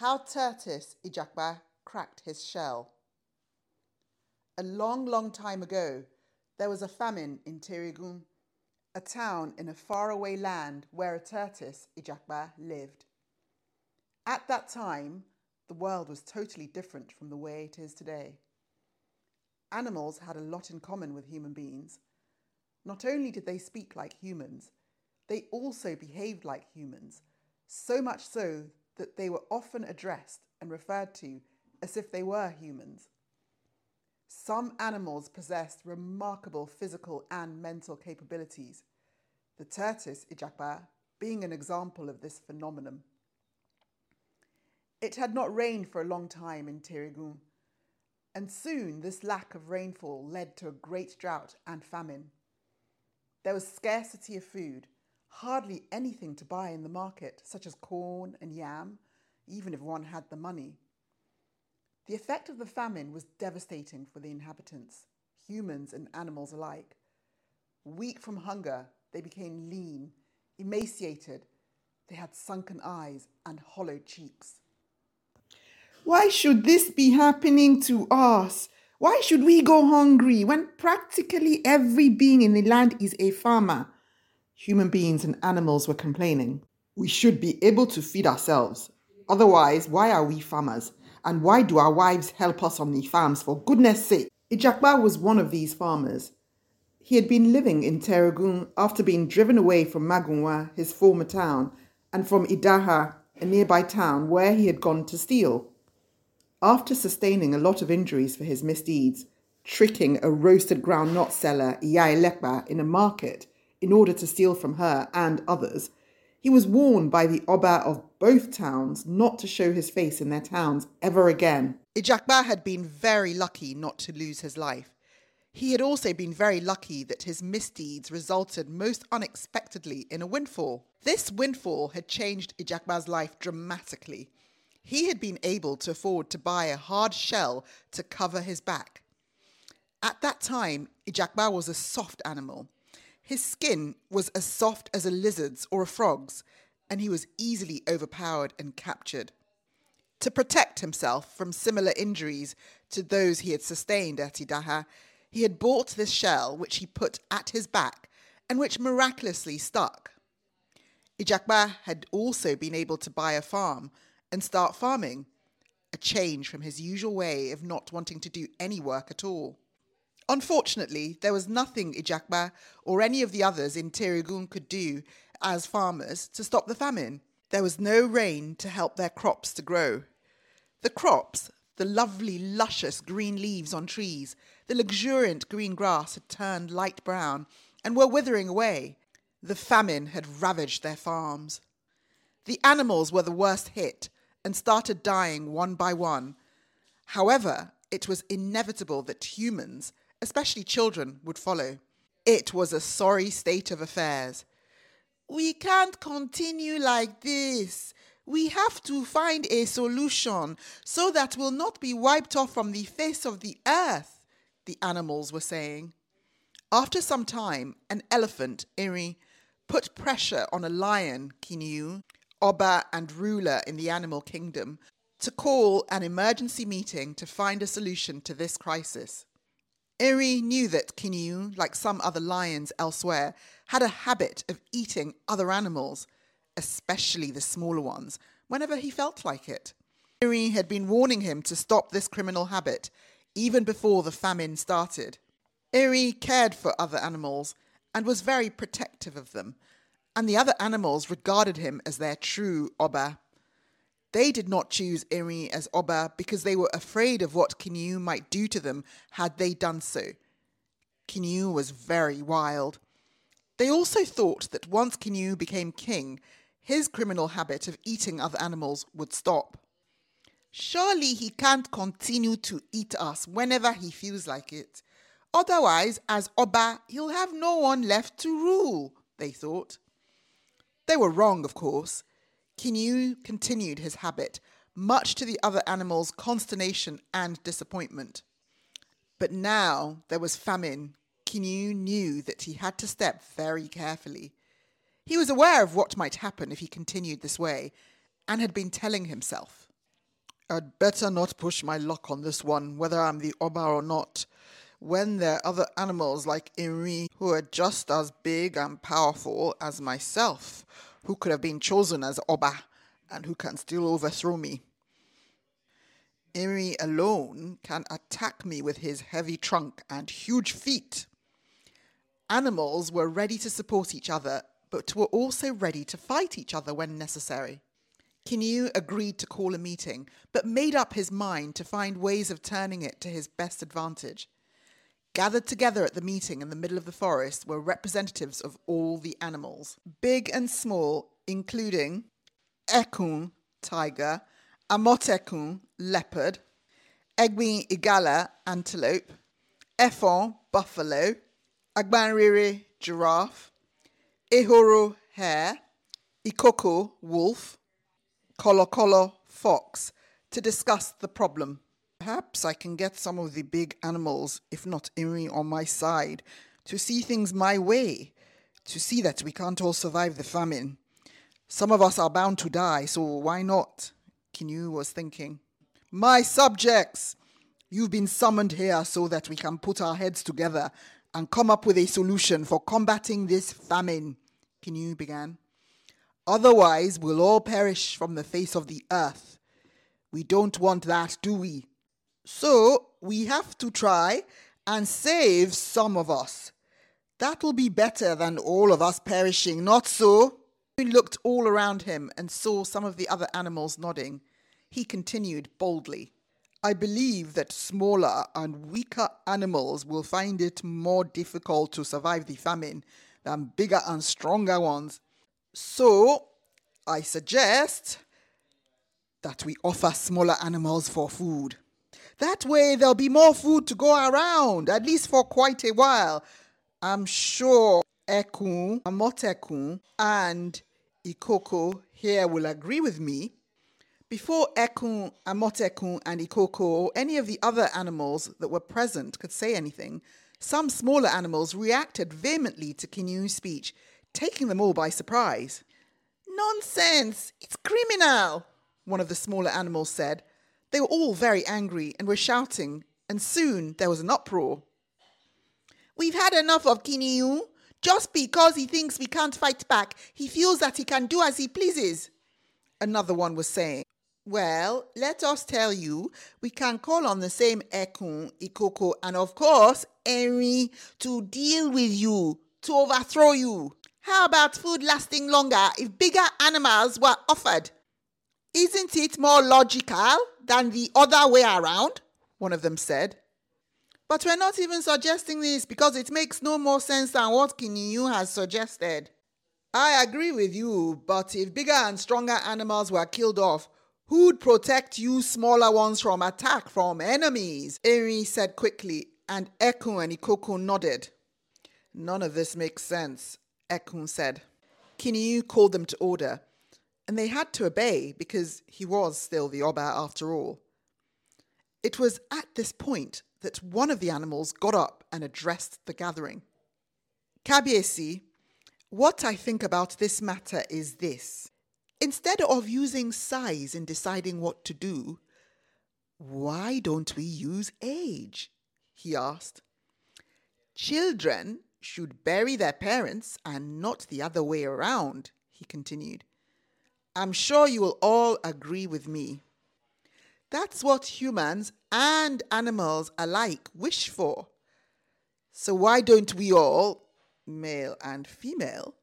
How Tertis Ijakba Cracked His Shell. A long, long time ago, there was a famine in Terigun, a town in a faraway land where a tortoise, Ijakba, lived. At that time, the world was totally different from the way it is today. Animals had a lot in common with human beings. Not only did they speak like humans, they also behaved like humans, so much so that they were often addressed and referred to as if they were humans. Some animals possessed remarkable physical and mental capabilities, the tortoise Ijapa being an example of this phenomenon. It had not rained for a long time in Tirigun, and soon this lack of rainfall led to a great drought and famine. There was scarcity of food, hardly anything to buy in the market, such as corn and yam, even if one had the money. The effect of the famine was devastating for the inhabitants, humans and animals alike. Weak from hunger, they became lean, emaciated. They had sunken eyes and hollow cheeks. Why should this be happening to us? Why should we go hungry when practically every being in the land is a farmer? human beings and animals were complaining. We should be able to feed ourselves. Otherwise, why are we farmers? And why do our wives help us on the farms, for goodness sake? Ijakba was one of these farmers. He had been living in Terugun after being driven away from Magunwa, his former town, and from Idaha, a nearby town where he had gone to steal. After sustaining a lot of injuries for his misdeeds, tricking a roasted groundnut seller, Yalepa, in a market, in order to steal from her and others, he was warned by the Oba of both towns not to show his face in their towns ever again. Ijakba had been very lucky not to lose his life. He had also been very lucky that his misdeeds resulted most unexpectedly in a windfall. This windfall had changed Ijakba's life dramatically. He had been able to afford to buy a hard shell to cover his back. At that time, Ijakba was a soft animal. His skin was as soft as a lizard's or a frog's, and he was easily overpowered and captured. To protect himself from similar injuries to those he had sustained at Idaha, he had bought this shell, which he put at his back and which miraculously stuck. Ijakba had also been able to buy a farm and start farming, a change from his usual way of not wanting to do any work at all. Unfortunately, there was nothing Ijakba or any of the others in Terigun could do as farmers to stop the famine. There was no rain to help their crops to grow. The crops, the lovely, luscious green leaves on trees, the luxuriant green grass had turned light brown and were withering away. The famine had ravaged their farms. The animals were the worst hit and started dying one by one. However, it was inevitable that humans especially children, would follow. It was a sorry state of affairs. We can't continue like this. We have to find a solution so that we'll not be wiped off from the face of the earth, the animals were saying. After some time, an elephant, Iri, put pressure on a lion, Kinu, Oba and ruler in the animal kingdom, to call an emergency meeting to find a solution to this crisis. Iri knew that Kinyu, like some other lions elsewhere, had a habit of eating other animals, especially the smaller ones, whenever he felt like it. Iri had been warning him to stop this criminal habit even before the famine started. Iri cared for other animals and was very protective of them, and the other animals regarded him as their true Oba. They did not choose Eri as Oba because they were afraid of what Kinyu might do to them had they done so. Kinyu was very wild. They also thought that once Kinyu became king, his criminal habit of eating other animals would stop. Surely he can't continue to eat us whenever he feels like it. Otherwise, as Oba, he'll have no one left to rule, they thought. They were wrong, of course. Kinyu continued his habit, much to the other animals' consternation and disappointment. But now there was famine. Kinyu knew that he had to step very carefully. He was aware of what might happen if he continued this way, and had been telling himself. I'd better not push my luck on this one, whether I'm the Oba or not. When there are other animals like Imri who are just as big and powerful as myself, who could have been chosen as Oba and who can still overthrow me. Emi alone can attack me with his heavy trunk and huge feet. Animals were ready to support each other, but were also ready to fight each other when necessary. Kinyu agreed to call a meeting, but made up his mind to find ways of turning it to his best advantage. Gathered together at the meeting in the middle of the forest were representatives of all the animals, big and small, including Ekun, tiger, Amotekun, leopard, egwi Igala, antelope, Efon, buffalo, Agbanrere, giraffe, Ehoro, hare, Ikoko, wolf, Kolokolo, fox, to discuss the problem perhaps I can get some of the big animals, if not Imi on my side, to see things my way, to see that we can't all survive the famine. Some of us are bound to die, so why not? Kinu was thinking. My subjects! You've been summoned here so that we can put our heads together and come up with a solution for combating this famine, Kinu began. Otherwise, we'll all perish from the face of the earth. We don't want that, do we? So we have to try and save some of us. That will be better than all of us perishing, not so? He looked all around him and saw some of the other animals nodding. He continued boldly. I believe that smaller and weaker animals will find it more difficult to survive the famine than bigger and stronger ones. So, I suggest that we offer smaller animals for food. That way, there'll be more food to go around, at least for quite a while. I'm sure Ekun, Amotekun, and Ikoko here will agree with me. Before Ekun, Amotekun, and Ikoko, or any of the other animals that were present could say anything, some smaller animals reacted vehemently to Kinu's speech, taking them all by surprise. Nonsense! It's criminal! One of the smaller animals said, they were all very angry and were shouting, and soon there was an uproar. We've had enough of Kiniu. Just because he thinks we can't fight back, he feels that he can do as he pleases. Another one was saying, Well, let us tell you, we can call on the same Ekun, Ikoko, and of course, Henry, to deal with you, to overthrow you. How about food lasting longer if bigger animals were offered? Isn't it more logical than the other way around? One of them said. But we're not even suggesting this because it makes no more sense than what Kiniyu has suggested. I agree with you, but if bigger and stronger animals were killed off, who'd protect you smaller ones from attack from enemies? Eri said quickly, and Ekun and Ikoku nodded. None of this makes sense, Ekun said. Kiniyu called them to order and they had to obey because he was still the Oba after all. It was at this point that one of the animals got up and addressed the gathering. Kabiesi, what I think about this matter is this. Instead of using size in deciding what to do, why don't we use age? he asked. Children should bury their parents and not the other way around, he continued. I'm sure you will all agree with me. That's what humans and animals alike wish for. So, why don't we all, male and female,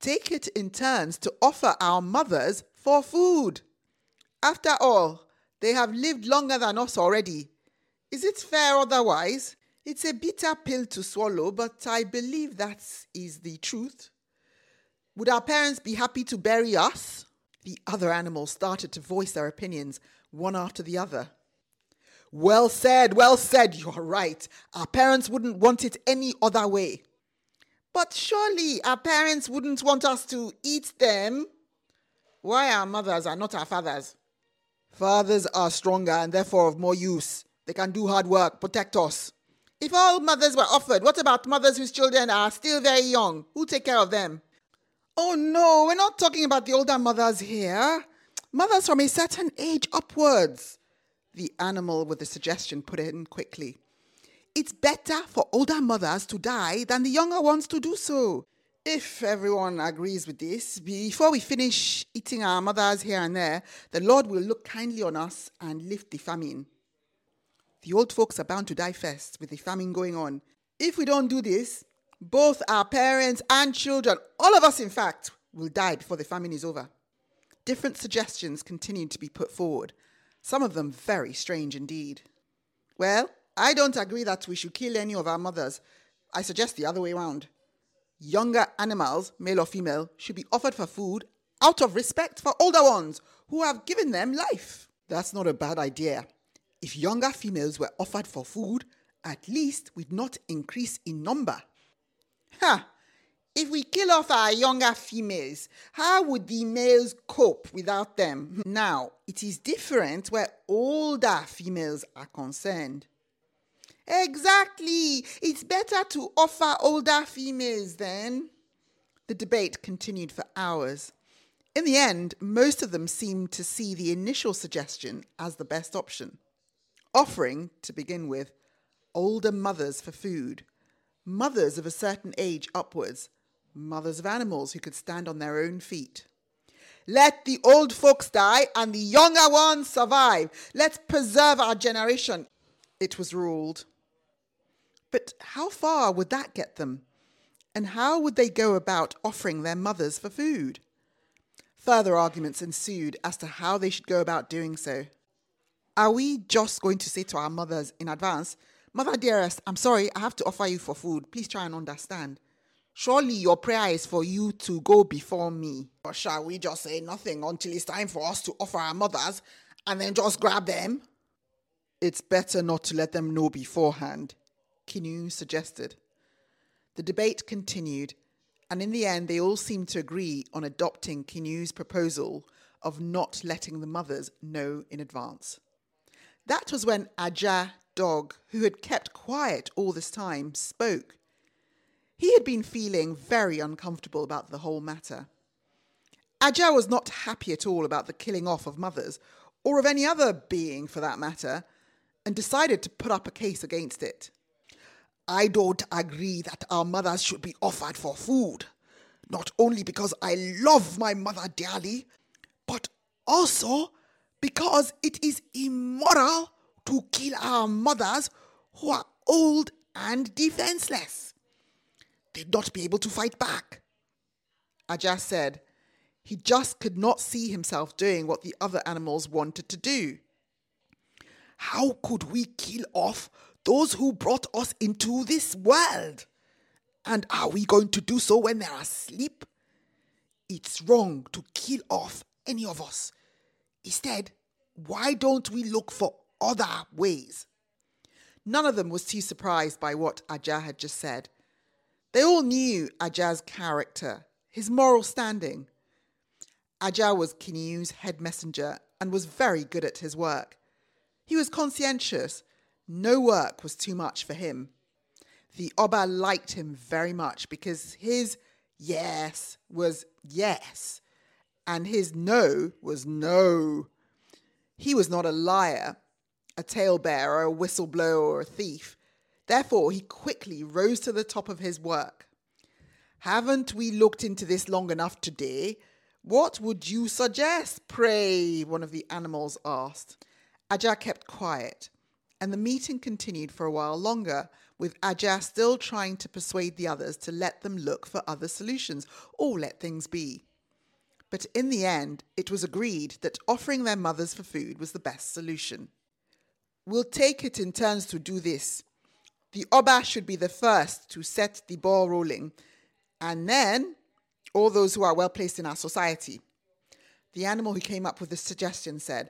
take it in turns to offer our mothers for food? After all, they have lived longer than us already. Is it fair otherwise? It's a bitter pill to swallow, but I believe that is the truth. Would our parents be happy to bury us? The other animals started to voice their opinions, one after the other. Well said, well said, you are right. Our parents wouldn't want it any other way. But surely our parents wouldn't want us to eat them. Why our mothers are not our fathers? Fathers are stronger and therefore of more use. They can do hard work, protect us. If all mothers were offered, what about mothers whose children are still very young? Who take care of them? Oh no, we're not talking about the older mothers here. Mothers from a certain age upwards. The animal with the suggestion put in quickly. It's better for older mothers to die than the younger ones to do so. If everyone agrees with this, before we finish eating our mothers here and there, the Lord will look kindly on us and lift the famine. The old folks are bound to die first with the famine going on. If we don't do this, both our parents and children, all of us, in fact, will die before the famine is over. Different suggestions continued to be put forward, some of them very strange indeed. Well, I don't agree that we should kill any of our mothers. I suggest the other way round. Younger animals, male or female, should be offered for food out of respect for older ones who have given them life. That's not a bad idea. If younger females were offered for food, at least we'd not increase in number Huh. If we kill off our younger females, how would the males cope without them? Now, it is different where older females are concerned. Exactly. It's better to offer older females then. The debate continued for hours. In the end, most of them seemed to see the initial suggestion as the best option, offering, to begin with, older mothers for food mothers of a certain age upwards, mothers of animals who could stand on their own feet. Let the old folks die and the younger ones survive. Let's preserve our generation, it was ruled. But how far would that get them? And how would they go about offering their mothers for food? Further arguments ensued as to how they should go about doing so. Are we just going to say to our mothers in advance, Mother dearest, I'm sorry, I have to offer you for food. Please try and understand. Surely your prayer is for you to go before me. Or shall we just say nothing until it's time for us to offer our mothers and then just grab them? It's better not to let them know beforehand, Kinu suggested. The debate continued, and in the end, they all seemed to agree on adopting Kinu's proposal of not letting the mothers know in advance. That was when Aja dog, who had kept quiet all this time, spoke. He had been feeling very uncomfortable about the whole matter. Ajay was not happy at all about the killing off of mothers, or of any other being for that matter, and decided to put up a case against it. I don't agree that our mothers should be offered for food, not only because I love my mother dearly, but also because it is immoral to kill our mothers who are old and defenseless. They'd not be able to fight back. Ajah said, he just could not see himself doing what the other animals wanted to do. How could we kill off those who brought us into this world? And are we going to do so when they're asleep? It's wrong to kill off any of us. Instead, why don't we look for other ways. None of them was too surprised by what Ajah had just said. They all knew Ajah's character, his moral standing. Ajah was Kinyu's head messenger and was very good at his work. He was conscientious. No work was too much for him. The Oba liked him very much because his yes was yes and his no was no. He was not a liar a talebearer, a whistleblower, or a thief. Therefore, he quickly rose to the top of his work. Haven't we looked into this long enough today? What would you suggest, pray? One of the animals asked. Ajah kept quiet, and the meeting continued for a while longer, with Ajah still trying to persuade the others to let them look for other solutions or let things be. But in the end, it was agreed that offering their mothers for food was the best solution. We'll take it in turns to do this. The Oba should be the first to set the ball rolling, and then all those who are well placed in our society. The animal who came up with the suggestion said,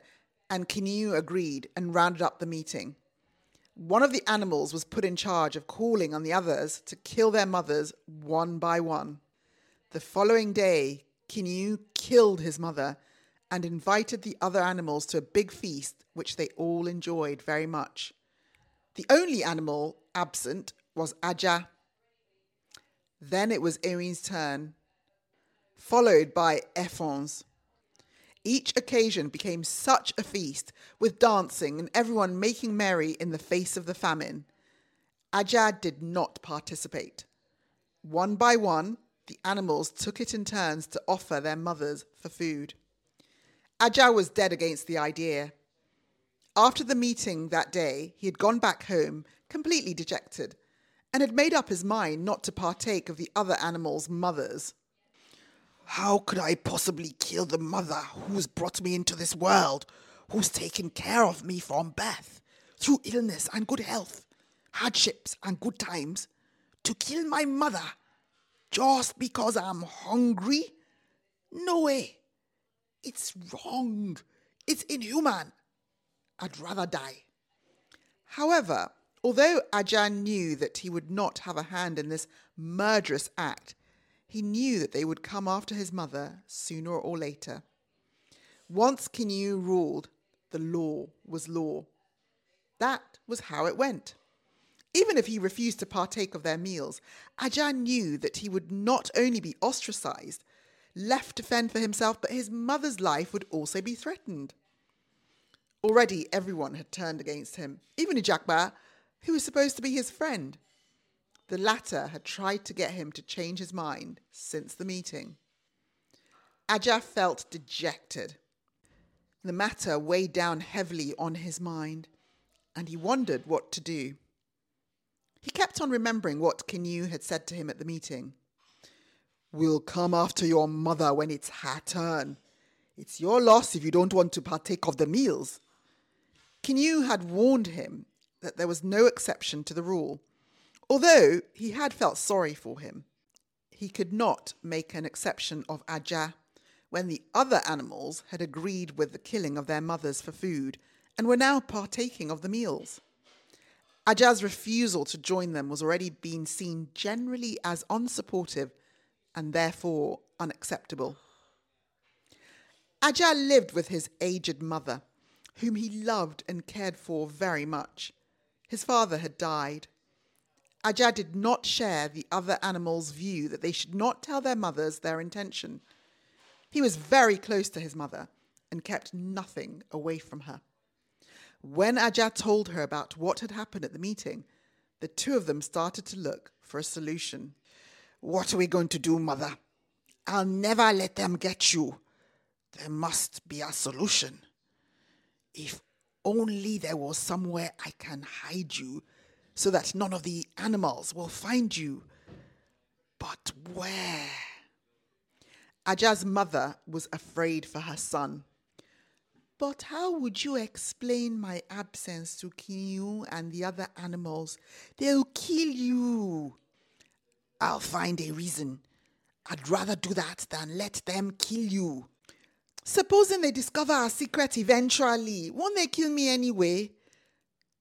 and Kinu agreed and rounded up the meeting. One of the animals was put in charge of calling on the others to kill their mothers one by one. The following day, Kinu killed his mother and invited the other animals to a big feast, which they all enjoyed very much. The only animal absent was Aja. Then it was Irene's turn, followed by Efon's. Each occasion became such a feast, with dancing and everyone making merry in the face of the famine. Ajad did not participate. One by one, the animals took it in turns to offer their mothers for food. Ajay was dead against the idea. After the meeting that day, he had gone back home completely dejected and had made up his mind not to partake of the other animals' mothers. How could I possibly kill the mother who's brought me into this world, who's taken care of me from birth, through illness and good health, hardships and good times, to kill my mother just because I'm hungry? No way. It's wrong. It's inhuman. I'd rather die. However, although Ajahn knew that he would not have a hand in this murderous act, he knew that they would come after his mother sooner or later. Once Kinyu ruled, the law was law. That was how it went. Even if he refused to partake of their meals, Ajahn knew that he would not only be ostracized, left to fend for himself, but his mother's life would also be threatened. Already everyone had turned against him, even Ijakba, who was supposed to be his friend. The latter had tried to get him to change his mind since the meeting. Ajah felt dejected. The matter weighed down heavily on his mind, and he wondered what to do. He kept on remembering what Kinyu had said to him at the meeting will come after your mother when it's her turn. It's your loss if you don't want to partake of the meals. Kinnew had warned him that there was no exception to the rule, although he had felt sorry for him. He could not make an exception of Ajah when the other animals had agreed with the killing of their mothers for food and were now partaking of the meals. Ajah's refusal to join them was already being seen generally as unsupportive and therefore unacceptable. Ajay lived with his aged mother, whom he loved and cared for very much. His father had died. Ajay did not share the other animals' view that they should not tell their mothers their intention. He was very close to his mother and kept nothing away from her. When Ajay told her about what had happened at the meeting, the two of them started to look for a solution. What are we going to do, mother? I'll never let them get you. There must be a solution. If only there was somewhere I can hide you so that none of the animals will find you. But where? Aja's mother was afraid for her son. But how would you explain my absence to Kinyu and the other animals? They'll kill you, I'll find a reason. I'd rather do that than let them kill you. Supposing they discover our secret eventually, won't they kill me anyway?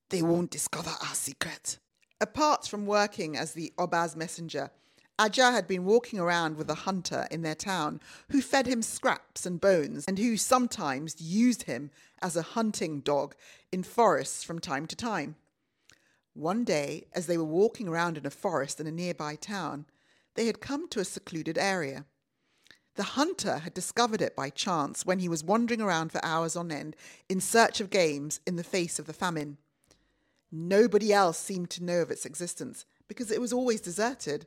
They won't discover our secret. Apart from working as the Oba's messenger, Ajah had been walking around with a hunter in their town who fed him scraps and bones and who sometimes used him as a hunting dog in forests from time to time. One day, as they were walking around in a forest in a nearby town, they had come to a secluded area. The hunter had discovered it by chance when he was wandering around for hours on end in search of games in the face of the famine. Nobody else seemed to know of its existence because it was always deserted.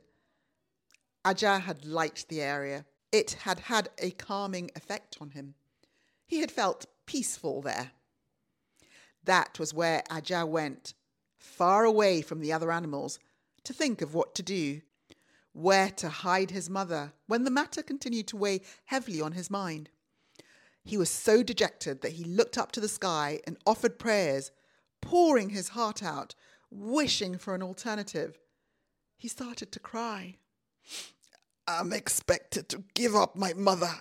Ajah had liked the area. It had had a calming effect on him. He had felt peaceful there. That was where Ajah went far away from the other animals, to think of what to do, where to hide his mother when the matter continued to weigh heavily on his mind. He was so dejected that he looked up to the sky and offered prayers, pouring his heart out, wishing for an alternative. He started to cry. I'm expected to give up my mother,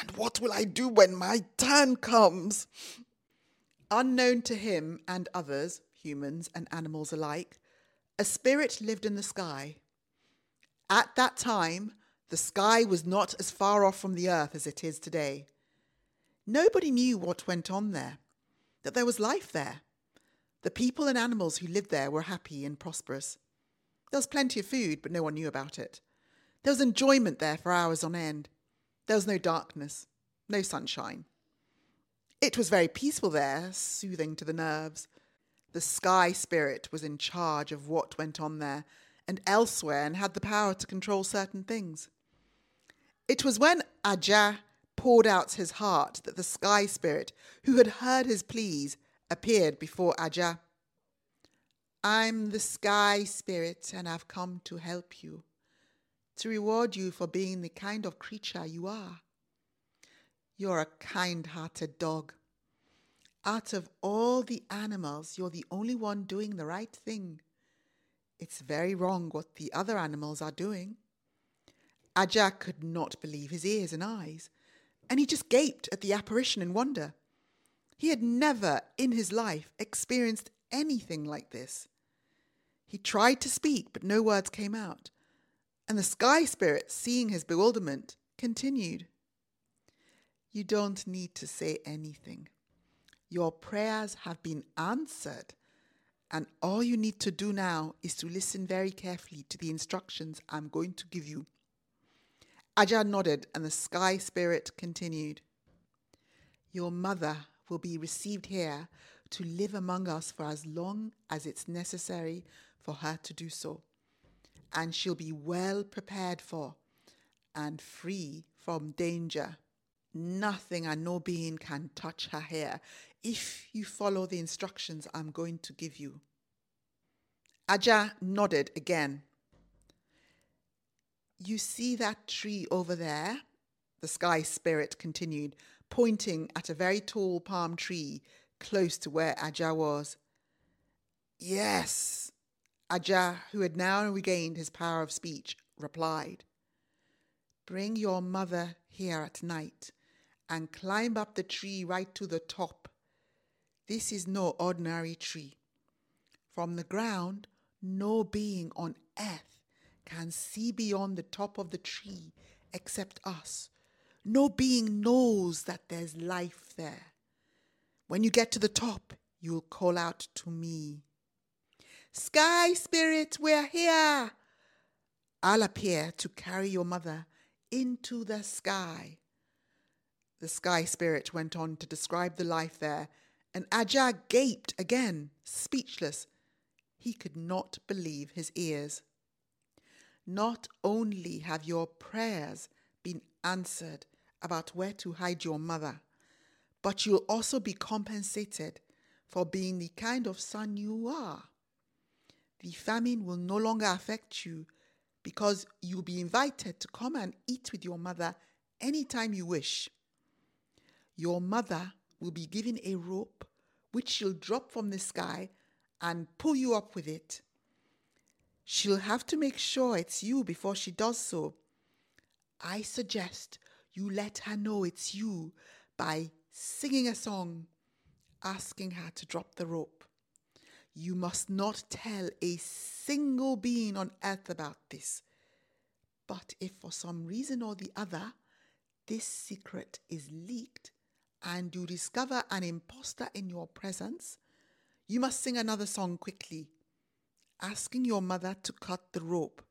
and what will I do when my turn comes? Unknown to him and others, humans and animals alike, a spirit lived in the sky. At that time, the sky was not as far off from the earth as it is today. Nobody knew what went on there, that there was life there. The people and animals who lived there were happy and prosperous. There was plenty of food, but no one knew about it. There was enjoyment there for hours on end. There was no darkness, no sunshine. It was very peaceful there, soothing to the nerves. The sky spirit was in charge of what went on there and elsewhere and had the power to control certain things. It was when Ajah poured out his heart that the sky spirit, who had heard his pleas, appeared before Ajah. I'm the sky spirit and I've come to help you, to reward you for being the kind of creature you are. You're a kind hearted dog, out of all the animals, you're the only one doing the right thing. It's very wrong what the other animals are doing. Ajak could not believe his ears and eyes, and he just gaped at the apparition in wonder. He had never in his life experienced anything like this. He tried to speak, but no words came out, and the sky spirit, seeing his bewilderment, continued. You don't need to say anything. Your prayers have been answered. And all you need to do now is to listen very carefully to the instructions I'm going to give you. Ajahn nodded, and the sky spirit continued Your mother will be received here to live among us for as long as it's necessary for her to do so. And she'll be well prepared for and free from danger nothing and no being can touch her hair if you follow the instructions I'm going to give you. Aja nodded again. You see that tree over there? The sky spirit continued, pointing at a very tall palm tree close to where Aja was. Yes, Aja, who had now regained his power of speech, replied. Bring your mother here at night and climb up the tree right to the top. This is no ordinary tree. From the ground, no being on earth can see beyond the top of the tree except us. No being knows that there's life there. When you get to the top, you'll call out to me. Sky Spirit, we're here! I'll appear to carry your mother into the sky. The sky spirit went on to describe the life there, and Ajah gaped again, speechless. He could not believe his ears. Not only have your prayers been answered about where to hide your mother, but you'll also be compensated for being the kind of son you are. The famine will no longer affect you because you'll be invited to come and eat with your mother anytime you wish your mother will be given a rope which she'll drop from the sky and pull you up with it. She'll have to make sure it's you before she does so. I suggest you let her know it's you by singing a song, asking her to drop the rope. You must not tell a single being on earth about this. But if for some reason or the other this secret is leaked, and you discover an impostor in your presence, you must sing another song quickly, asking your mother to cut the rope.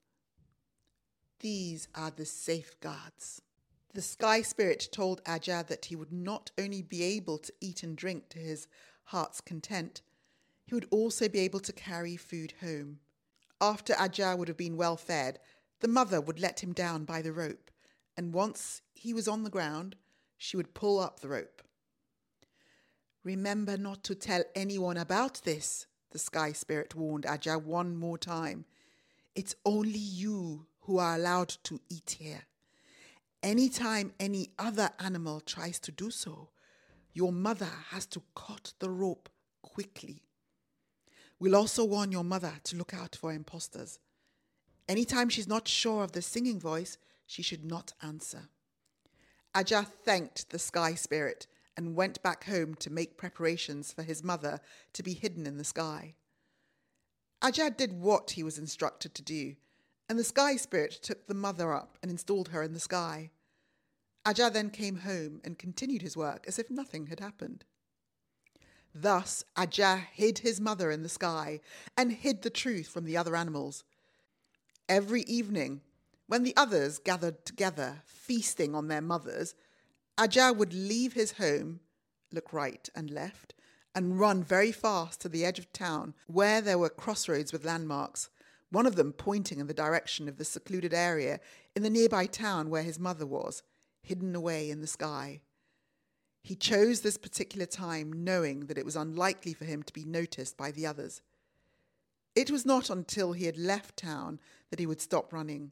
These are the safeguards. The sky spirit told Ajah that he would not only be able to eat and drink to his heart's content, he would also be able to carry food home. After Ajah would have been well fed, the mother would let him down by the rope, and once he was on the ground, she would pull up the rope. Remember not to tell anyone about this, the sky spirit warned Ajah one more time. It's only you who are allowed to eat here. Anytime any other animal tries to do so, your mother has to cut the rope quickly. We'll also warn your mother to look out for impostors. Anytime she's not sure of the singing voice, she should not answer. Ajah thanked the sky spirit and went back home to make preparations for his mother to be hidden in the sky. Ajah did what he was instructed to do, and the sky spirit took the mother up and installed her in the sky. Ajah then came home and continued his work as if nothing had happened. Thus Ajah hid his mother in the sky and hid the truth from the other animals. Every evening when the others gathered together, feasting on their mothers, Ajah would leave his home, look right and left, and run very fast to the edge of town where there were crossroads with landmarks, one of them pointing in the direction of the secluded area in the nearby town where his mother was, hidden away in the sky. He chose this particular time knowing that it was unlikely for him to be noticed by the others. It was not until he had left town that he would stop running.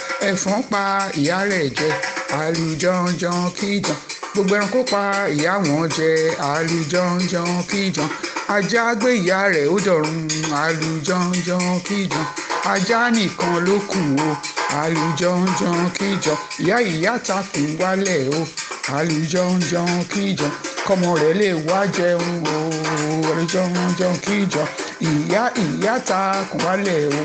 ẹ̀fọn pa ìyá rẹ̀ jẹ àlùjọ̀njọ̀n kíjàn gbogbo ẹranko pa ìyá wọn jẹ àlùjọ̀njọ̀n kíjàn ajá gbé ìyá rẹ̀ ó dọ̀run àlùjọ̀njọ̀n kíjàn ajá nìkan ló kù o àlùjọ̀njọ̀n kíjàn ìyá ìyá takùn wálẹ̀ o àlùjọ̀njọ̀n kíjàn kọ́mọ rẹ̀ lè wá jẹun o àlùjọ̀njọ̀n kíjàn ìyá ìyá takùn wálẹ̀ o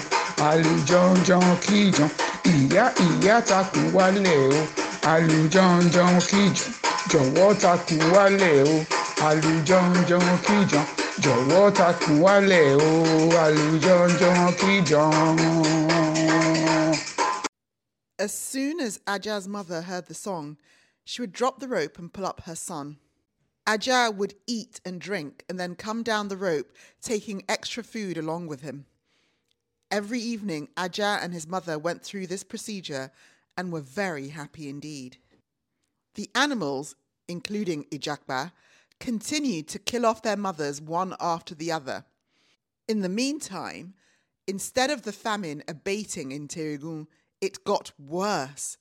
àlùjọ̀njọ̀n kíjàn ìyá ìyá takùn wálẹ̀ o àlùjọ̀njọ̀n kíjọ jọ̀wọ́ takùn wálẹ̀ o àlùjọ̀njọ̀n kíjọ jọ̀wọ́ takùn wálẹ̀ o àlùjọ̀njọ̀n kíjọ. As soon as Aja's mother heard the song, she would drop the rope and pull up her son. Aja would eat and drink and then come down the rope, taking extra food along with him. Every evening, Ajah and his mother went through this procedure and were very happy indeed. The animals, including Ijakba, continued to kill off their mothers one after the other. In the meantime, instead of the famine abating in Terigun, it got worse.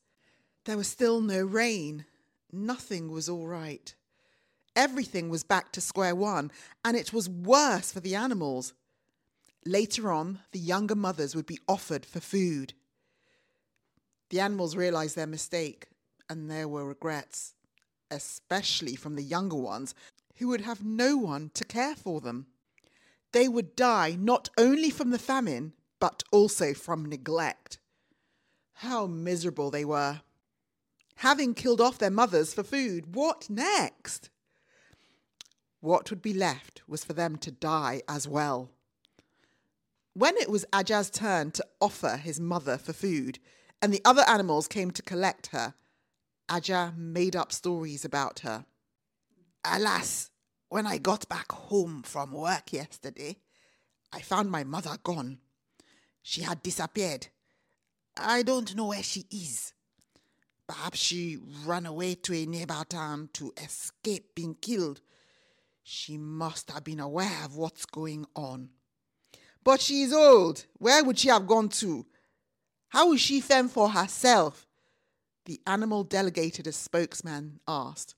There was still no rain. Nothing was all right. Everything was back to square one, and it was worse for the animals Later on, the younger mothers would be offered for food. The animals realized their mistake, and there were regrets, especially from the younger ones who would have no one to care for them. They would die not only from the famine, but also from neglect. How miserable they were. Having killed off their mothers for food, what next? What would be left was for them to die as well. When it was Ajaz's turn to offer his mother for food, and the other animals came to collect her, Ajaz made up stories about her. Alas, when I got back home from work yesterday, I found my mother gone. She had disappeared. I don't know where she is. Perhaps she ran away to a nearby town to escape being killed. She must have been aware of what's going on. But she is old. Where would she have gone to? How will she fend for herself? The animal delegated as spokesman asked.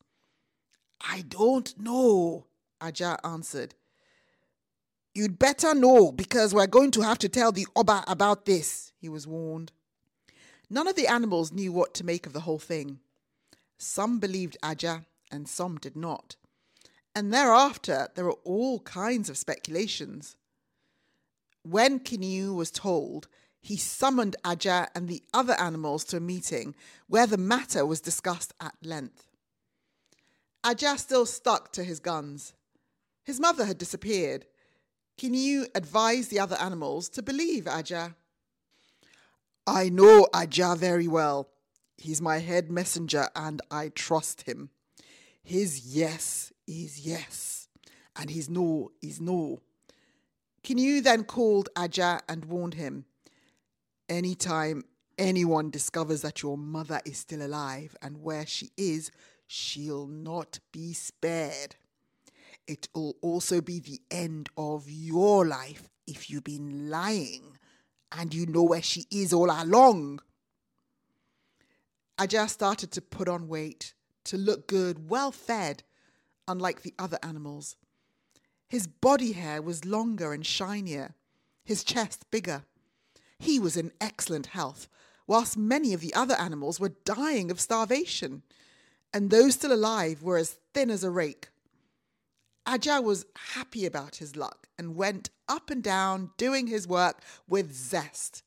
I don't know, Ajah answered. You'd better know because we're going to have to tell the Oba about this, he was warned. None of the animals knew what to make of the whole thing. Some believed Ajah and some did not. And thereafter, there were all kinds of speculations. When Kinyu was told, he summoned Aja and the other animals to a meeting where the matter was discussed at length. Aja still stuck to his guns. His mother had disappeared. Kinyu advised the other animals to believe Aja. I know Aja very well. He's my head messenger and I trust him. His yes is yes, and his no is no you then called Ajah and warned him Anytime anyone discovers that your mother is still alive and where she is, she'll not be spared. It'll also be the end of your life if you've been lying and you know where she is all along. Ajah started to put on weight, to look good, well fed, unlike the other animals. His body hair was longer and shinier, his chest bigger. He was in excellent health, whilst many of the other animals were dying of starvation, and those still alive were as thin as a rake. Ajah was happy about his luck and went up and down doing his work with zest.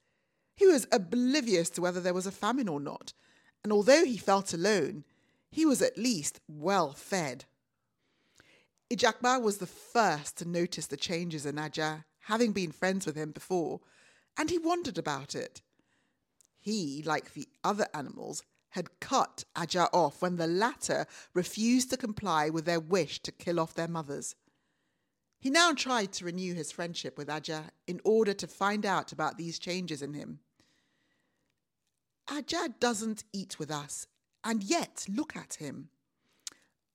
He was oblivious to whether there was a famine or not, and although he felt alone, he was at least well fed. Ijakbar was the first to notice the changes in Aja, having been friends with him before, and he wondered about it. He, like the other animals, had cut Aja off when the latter refused to comply with their wish to kill off their mothers. He now tried to renew his friendship with Aja in order to find out about these changes in him. Aja doesn't eat with us, and yet look at him.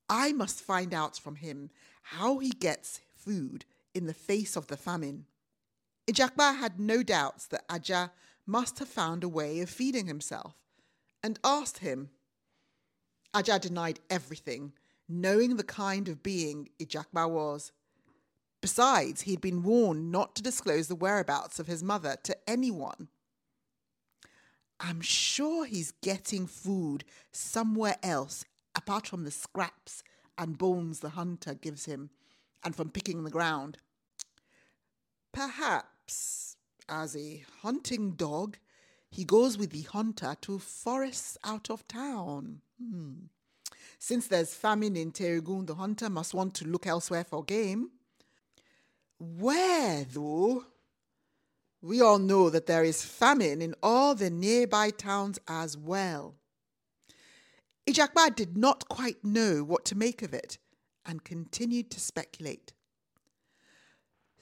I must find out from him how he gets food in the face of the famine. Ijakba had no doubts that Ajah must have found a way of feeding himself and asked him. Ajah denied everything, knowing the kind of being Ijakba was. Besides, he had been warned not to disclose the whereabouts of his mother to anyone. I'm sure he's getting food somewhere else apart from the scraps and bones the hunter gives him, and from picking the ground. Perhaps, as a hunting dog, he goes with the hunter to forests out of town. Hmm. Since there's famine in Terigun, the hunter must want to look elsewhere for game. Where, though? We all know that there is famine in all the nearby towns as well. Ijakba did not quite know what to make of it and continued to speculate.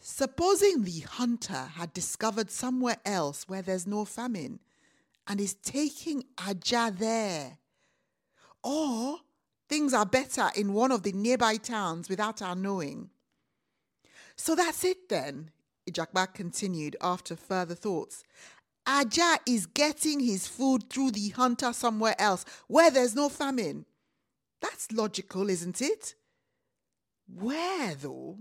Supposing the hunter had discovered somewhere else where there's no famine and is taking Ajah there, or things are better in one of the nearby towns without our knowing. So that's it then, Ijakba continued after further thoughts. Ajah is getting his food through the hunter somewhere else where there's no famine. That's logical, isn't it? Where, though?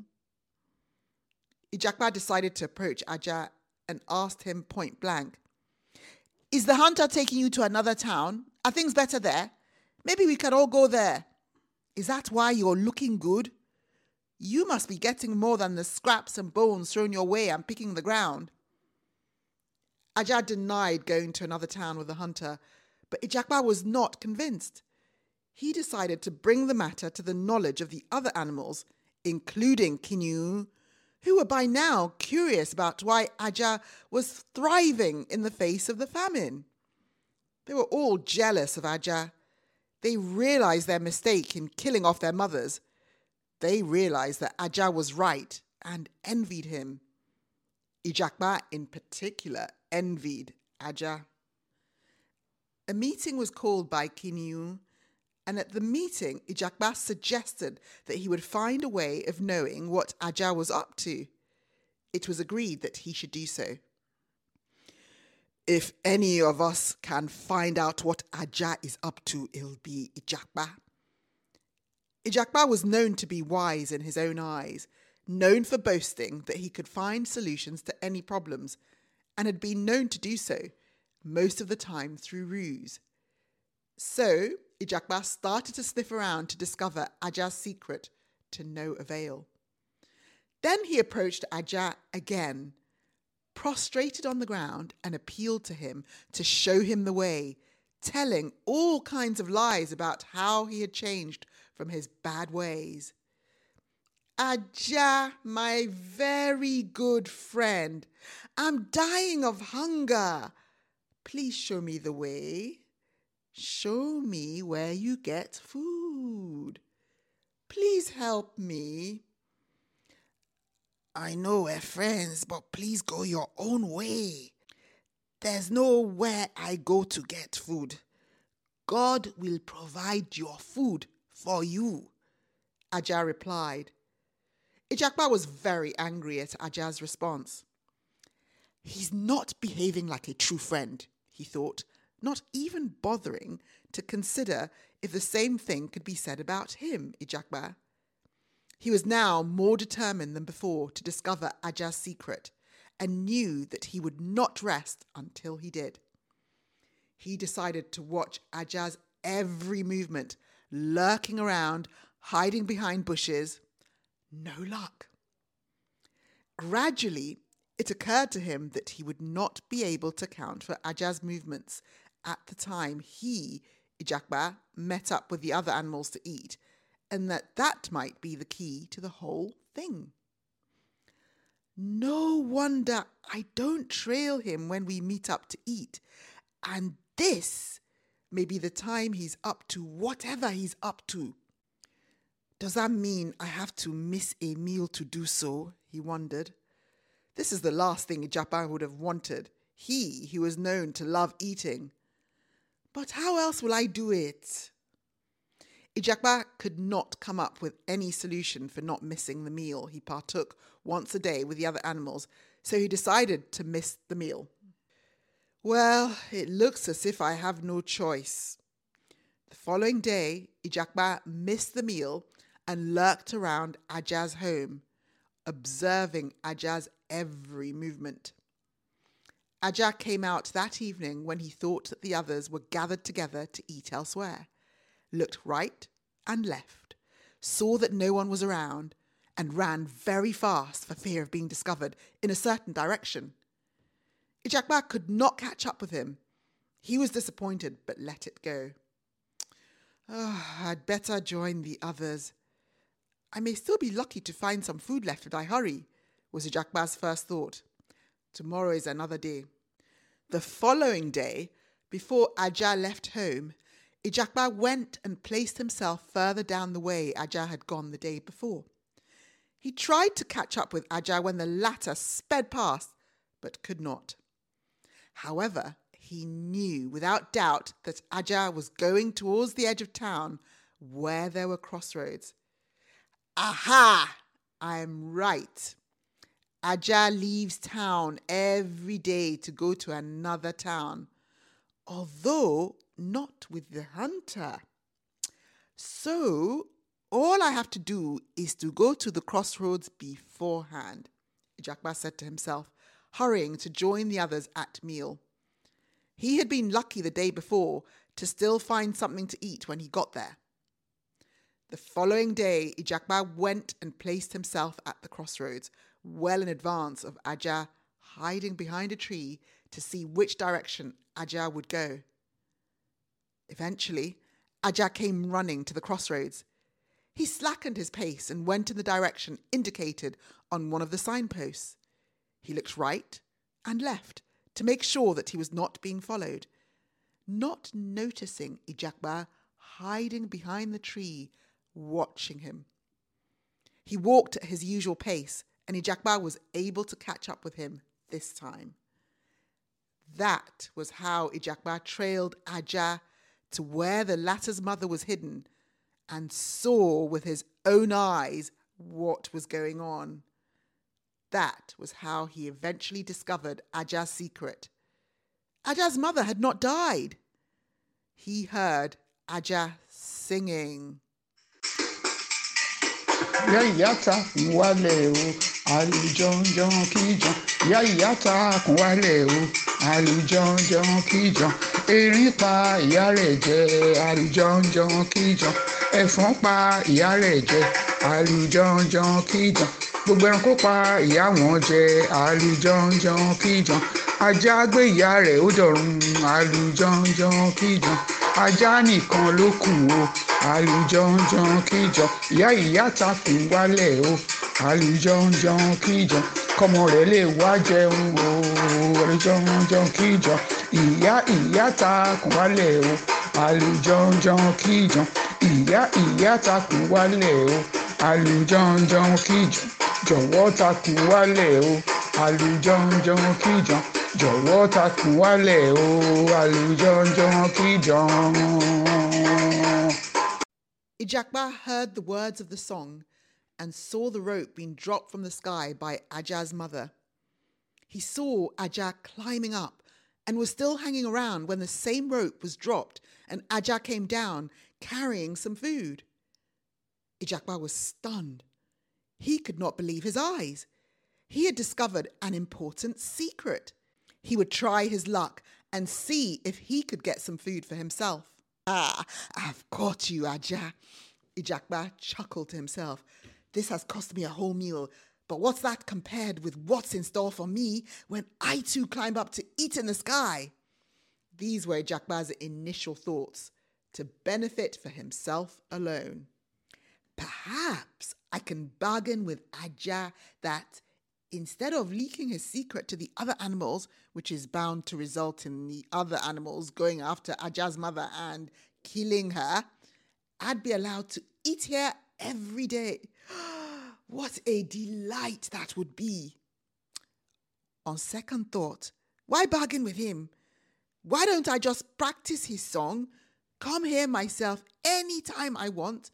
Ijakpa decided to approach Ajah and asked him point blank Is the hunter taking you to another town? Are things better there? Maybe we can all go there. Is that why you're looking good? You must be getting more than the scraps and bones thrown your way and picking the ground. Ajah denied going to another town with the hunter, but Ijakba was not convinced. He decided to bring the matter to the knowledge of the other animals, including Kinyu, who were by now curious about why Ajah was thriving in the face of the famine. They were all jealous of Ajah. They realized their mistake in killing off their mothers. They realized that Ajah was right and envied him. Ijakba, in particular, envied Aja. A meeting was called by Kinyu, and at the meeting, Ijakba suggested that he would find a way of knowing what Aja was up to. It was agreed that he should do so. If any of us can find out what Aja is up to, it'll be Ijakba. Ijakba was known to be wise in his own eyes, known for boasting that he could find solutions to any problems – and had been known to do so, most of the time through ruse. So, Ijakba started to sniff around to discover Ajah's secret to no avail. Then he approached Ajah again, prostrated on the ground, and appealed to him to show him the way, telling all kinds of lies about how he had changed from his bad ways. Aja, my very good friend, I'm dying of hunger. Please show me the way. Show me where you get food. Please help me. I know we're friends, but please go your own way. There's nowhere I go to get food. God will provide your food for you. Aja replied. Ijakba was very angry at Ajaz's response. He's not behaving like a true friend, he thought, not even bothering to consider if the same thing could be said about him, Ijakba. He was now more determined than before to discover Ajaz's secret and knew that he would not rest until he did. He decided to watch Ajaz's every movement, lurking around, hiding behind bushes, no luck. Gradually, it occurred to him that he would not be able to count for Ajaz's movements at the time he, Ijakba, met up with the other animals to eat, and that that might be the key to the whole thing. No wonder I don't trail him when we meet up to eat, and this may be the time he's up to whatever he's up to. Does that mean I have to miss a meal to do so? He wondered. This is the last thing Japan would have wanted. He, who was known to love eating. But how else will I do it? Ijakba could not come up with any solution for not missing the meal he partook once a day with the other animals, so he decided to miss the meal. Well, it looks as if I have no choice. The following day, Ijakba missed the meal and lurked around Ajaz's home, observing Ajaz's every movement. Ajaz came out that evening when he thought that the others were gathered together to eat elsewhere, looked right and left, saw that no one was around, and ran very fast for fear of being discovered in a certain direction. Ijakbar could not catch up with him. He was disappointed, but let it go. Oh, I'd better join the others, I may still be lucky to find some food left if I hurry, was Jakbar's first thought. Tomorrow is another day. The following day, before Ajah left home, Ijakba went and placed himself further down the way Ajah had gone the day before. He tried to catch up with Ajah when the latter sped past, but could not. However, he knew without doubt that Ajah was going towards the edge of town where there were crossroads. Aha, I'm right. Aja leaves town every day to go to another town, although not with the hunter. So, all I have to do is to go to the crossroads beforehand, Jakba said to himself, hurrying to join the others at meal. He had been lucky the day before to still find something to eat when he got there. The following day, Ijakba went and placed himself at the crossroads, well in advance of Ajah, hiding behind a tree to see which direction Ajah would go. Eventually, Ajah came running to the crossroads. He slackened his pace and went in the direction indicated on one of the signposts. He looked right and left to make sure that he was not being followed. Not noticing Ijakba hiding behind the tree watching him. He walked at his usual pace, and Ijakba was able to catch up with him this time. That was how Ijakba trailed Ajah to where the latter's mother was hidden and saw with his own eyes what was going on. That was how he eventually discovered Ajah's secret. Ajah's mother had not died. He heard Ajah singing. ìyá ìyá ta kùn wálẹ̀ o àlùjọ̀njọ̀n kíjọ̀n ìyá ìyá ta kùn wálẹ̀ o àlùjọ̀njọ̀n kíjọ̀n erin pa ìyá rẹ̀ jẹ àlùjọ̀njọ̀n kíjọ̀n ẹ̀fọn pa ìyá rẹ̀ jẹ àlùjọ̀njọ̀n kíjọ̀n gbogbo ẹranko pa ìyá wọn jẹ àlùjọ̀njọ̀n kíjọ̀n ajá gbé ìyá rẹ̀ ó dọ̀run àlùjọ̀njọ̀n kíjọ̀n ajá nìkan ló kù o àlùjọ̀njọ̀n kíjọ ìyá ìyá ta kù wálẹ̀ o àlùjọ̀njọ̀n kíjọ kọ́mọ rẹ̀ lè wá jẹun o àlùjọ̀njọ̀n kíjọ ìyá ìyá ta kù wálẹ̀ o àlùjọ̀njọ̀n kíjọ ìyá ìyá ta kù wálẹ̀ o àlùjọ̀njọ̀n kíjọ jọ̀wọ́ ta kù wálẹ̀ o. àlùjọ́njọ́n kíjọ́n jọ̀wọ́ takùn wálẹ̀ o àlùjọ́njọ́n kíjọ́n. Ijakba heard the words of the song and saw the rope being dropped from the sky by Aja's mother. He saw Aja climbing up and was still hanging around when the same rope was dropped and Aja came down carrying some food. Ijakba was stunned. He could not believe his eyes he had discovered an important secret. He would try his luck and see if he could get some food for himself. Ah, I've caught you, Ajah. Ijakba chuckled to himself. This has cost me a whole meal, but what's that compared with what's in store for me when I too climb up to eat in the sky? These were Ijakba's initial thoughts to benefit for himself alone. Perhaps I can bargain with Ajah that instead of leaking his secret to the other animals, which is bound to result in the other animals going after Aja's mother and killing her, I'd be allowed to eat here every day. what a delight that would be! On second thought, why bargain with him? Why don't I just practice his song, come here myself any time I want,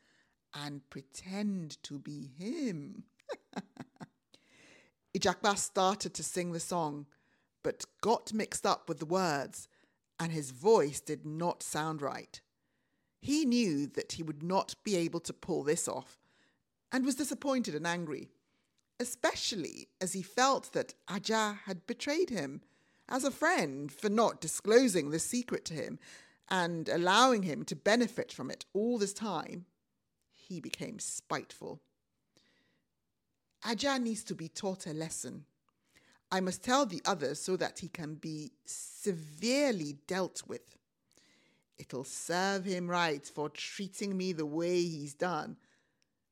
and pretend to be him? Ijakba started to sing the song, but got mixed up with the words, and his voice did not sound right. He knew that he would not be able to pull this off, and was disappointed and angry, especially as he felt that Ajah had betrayed him as a friend for not disclosing the secret to him and allowing him to benefit from it all this time. He became spiteful. Ajah needs to be taught a lesson. I must tell the others so that he can be severely dealt with. It'll serve him right for treating me the way he's done.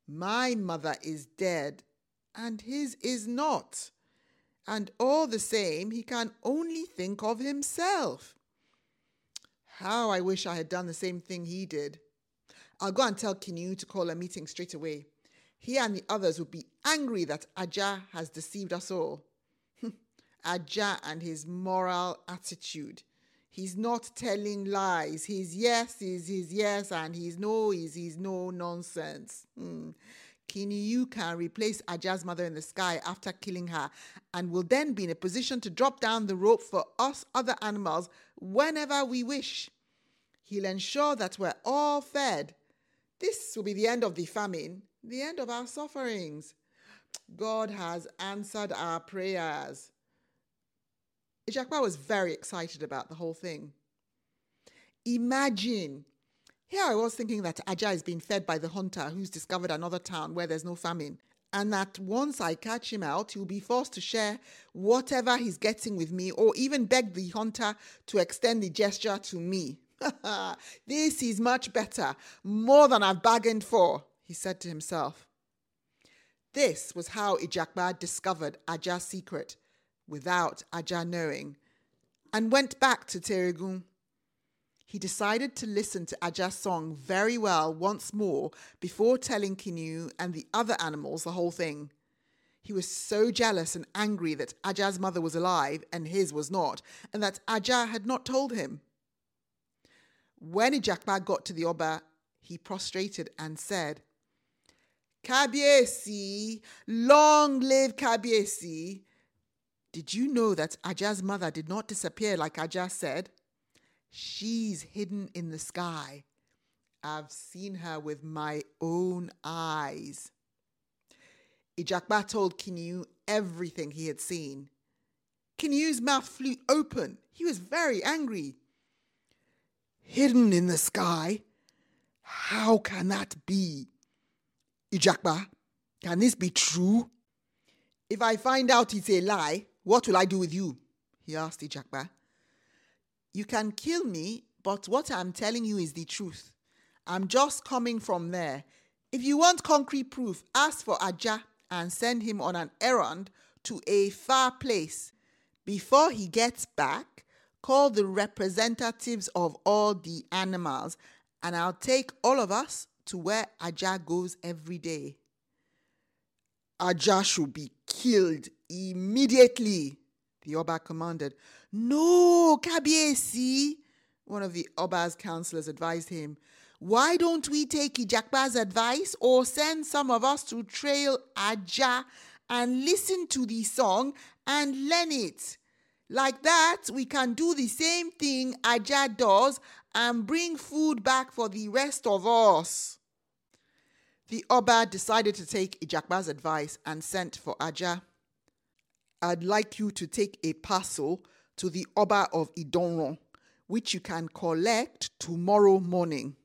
My mother is dead, and his is not. And all the same, he can only think of himself. How I wish I had done the same thing he did. I'll go and tell Kinu to call a meeting straight away. He and the others would be angry that Ajah has deceived us all. Ajah and his moral attitude. He's not telling lies. He's yes, he's, his yes, and he's no, he's, his no nonsense. Mm. Kiniyu can replace Ajah's mother in the sky after killing her and will then be in a position to drop down the rope for us other animals whenever we wish. He'll ensure that we're all fed. This will be the end of the famine the end of our sufferings. God has answered our prayers. Ijakba was very excited about the whole thing. Imagine. Here I was thinking that Ajay is being fed by the hunter who's discovered another town where there's no famine, and that once I catch him out, he'll be forced to share whatever he's getting with me or even beg the hunter to extend the gesture to me. this is much better, more than I've bargained for he said to himself. This was how Ijakba discovered Aja's secret without Aja knowing and went back to Terigun. He decided to listen to Aja's song very well once more before telling Kinu and the other animals the whole thing. He was so jealous and angry that Aja's mother was alive and his was not, and that Aja had not told him. When Ijakba got to the Oba, he prostrated and said, Kabiesi, long live Kabiesi. Did you know that Aja's mother did not disappear like Aja said? She's hidden in the sky. I've seen her with my own eyes. Ijakba told Kinyu everything he had seen. Kinyu's mouth flew open. He was very angry. Hidden in the sky? How can that be? Ijakba, can this be true? If I find out it's a lie, what will I do with you? He asked Ijakba. You can kill me, but what I'm telling you is the truth. I'm just coming from there. If you want concrete proof, ask for Aja and send him on an errand to a far place. Before he gets back, call the representatives of all the animals, and I'll take all of us to where Aja goes every day. Aja should be killed immediately, the Oba commanded. No, Kabiesi, one of the Oba's counselors advised him. Why don't we take Ijakba's advice or send some of us to Trail Aja and listen to the song and learn it? Like that, we can do the same thing Aja does and bring food back for the rest of us. The Oba decided to take Ijakba's advice and sent for Aja. I'd like you to take a parcel to the Oba of Idonron, which you can collect tomorrow morning.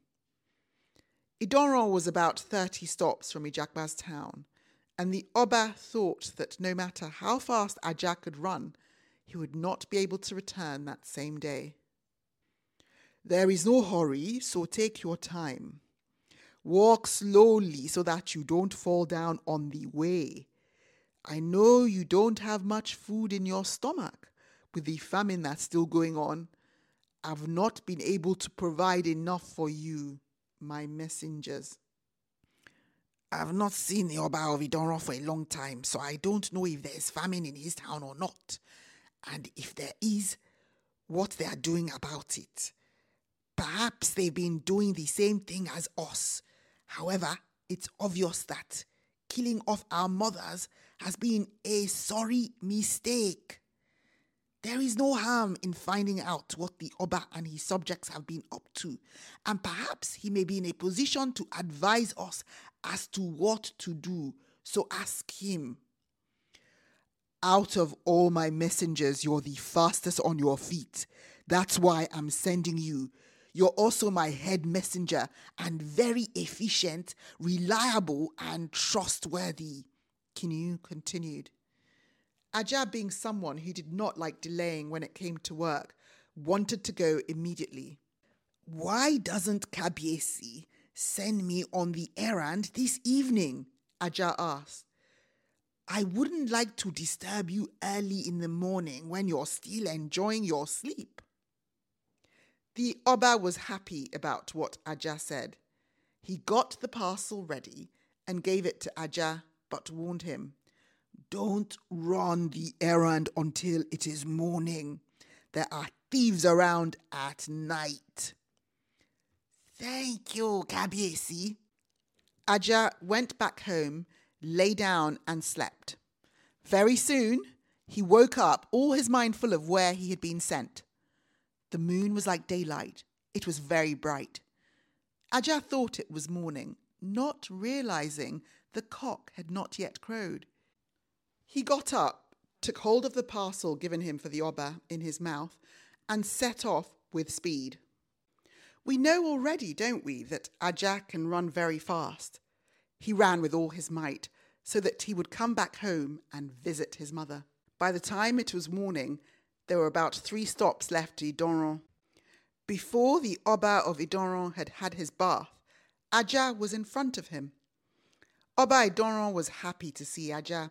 Idonron was about 30 stops from Ijakba's town, and the Oba thought that no matter how fast Aja could run, he would not be able to return that same day. There is no hurry, so take your time. Walk slowly so that you don't fall down on the way. I know you don't have much food in your stomach with the famine that's still going on. I've not been able to provide enough for you, my messengers. I've not seen the Oba of Idonra for a long time, so I don't know if there is famine in his town or not, and if there is, what they are doing about it. Perhaps they've been doing the same thing as us. However, it's obvious that killing off our mothers has been a sorry mistake. There is no harm in finding out what the Oba and his subjects have been up to, and perhaps he may be in a position to advise us as to what to do, so ask him. Out of all my messengers, you're the fastest on your feet. That's why I'm sending you you're also my head messenger and very efficient, reliable, and trustworthy. Kinyu continued. Ajah, being someone who did not like delaying when it came to work, wanted to go immediately. Why doesn't Kabiesi send me on the errand this evening? Ajah asked. I wouldn't like to disturb you early in the morning when you're still enjoying your sleep. The Oba was happy about what Ajah said. He got the parcel ready and gave it to Ajah, but warned him Don't run the errand until it is morning. There are thieves around at night. Thank you, Kabiesi. Ajah went back home, lay down, and slept. Very soon, he woke up, all his mind full of where he had been sent. The moon was like daylight. It was very bright. Ajah thought it was morning, not realizing the cock had not yet crowed. He got up, took hold of the parcel given him for the obba in his mouth, and set off with speed. We know already, don't we, that Ajah can run very fast. He ran with all his might, so that he would come back home and visit his mother. By the time it was morning, there were about three stops left to Idoron. Before the Oba of Idoron had had his bath, Aja was in front of him. Oba Idoron was happy to see Aja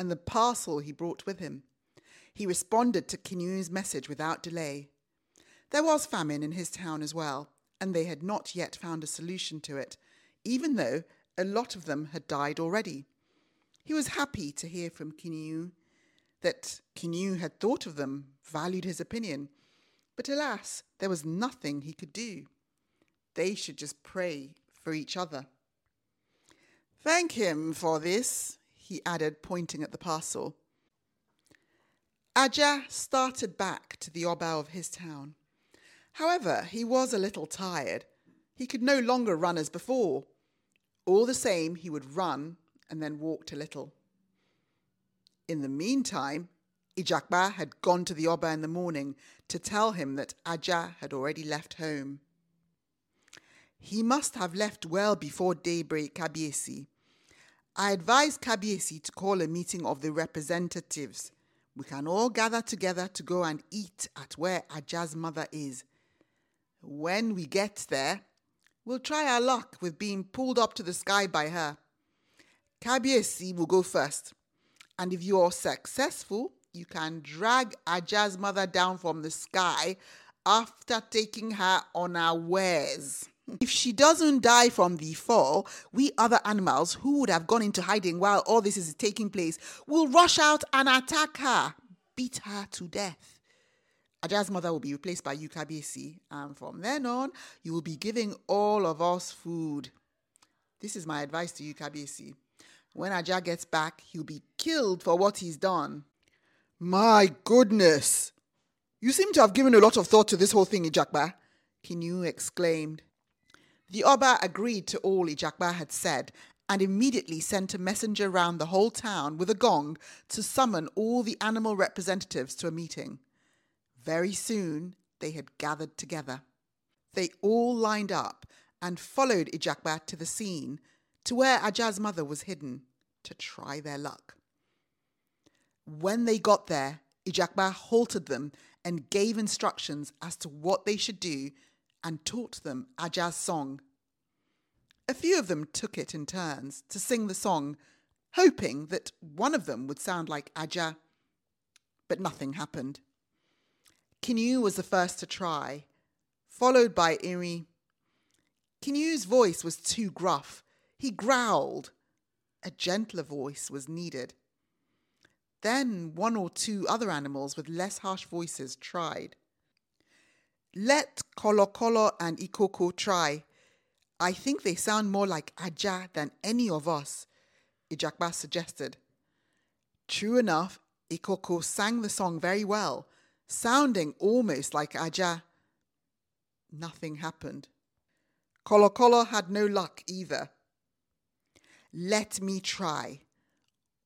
and the parcel he brought with him. He responded to Kinu's message without delay. There was famine in his town as well, and they had not yet found a solution to it, even though a lot of them had died already. He was happy to hear from Kinu that Kinnew had thought of them, valued his opinion. But alas, there was nothing he could do. They should just pray for each other. Thank him for this, he added, pointing at the parcel. Ajah started back to the Obao of his town. However, he was a little tired. He could no longer run as before. All the same, he would run and then walked a little. In the meantime, Ijakba had gone to the Oba in the morning to tell him that Ajah had already left home. He must have left well before daybreak, Kabiesi. I advise Kabiesi to call a meeting of the representatives. We can all gather together to go and eat at where Ajah's mother is. When we get there, we'll try our luck with being pulled up to the sky by her. Kabiesi will go first. And if you're successful, you can drag Aja's mother down from the sky after taking her unawares. If she doesn't die from the fall, we other animals who would have gone into hiding while all this is taking place will rush out and attack her, beat her to death. Aja's mother will be replaced by Yukabesi, and from then on, you will be giving all of us food. This is my advice to Yukabesi. When Ajah gets back, he'll be killed for what he's done. My goodness! You seem to have given a lot of thought to this whole thing, Ijakba, Kinu exclaimed. The Oba agreed to all Ijakba had said and immediately sent a messenger round the whole town with a gong to summon all the animal representatives to a meeting. Very soon they had gathered together. They all lined up and followed Ijakba to the scene to where Ajaz's mother was hidden to try their luck. When they got there, Ijakba halted them and gave instructions as to what they should do and taught them Ajaz's song. A few of them took it in turns to sing the song, hoping that one of them would sound like Ajaz, but nothing happened. Kinu was the first to try, followed by Iri. Kinu's voice was too gruff he growled. A gentler voice was needed. Then one or two other animals with less harsh voices tried. Let Kolokolo and Ikoko try. I think they sound more like Aja than any of us, Ijakba suggested. True enough, Ikoko sang the song very well, sounding almost like Aja. Nothing happened. Kolokolo had no luck either. Let me try.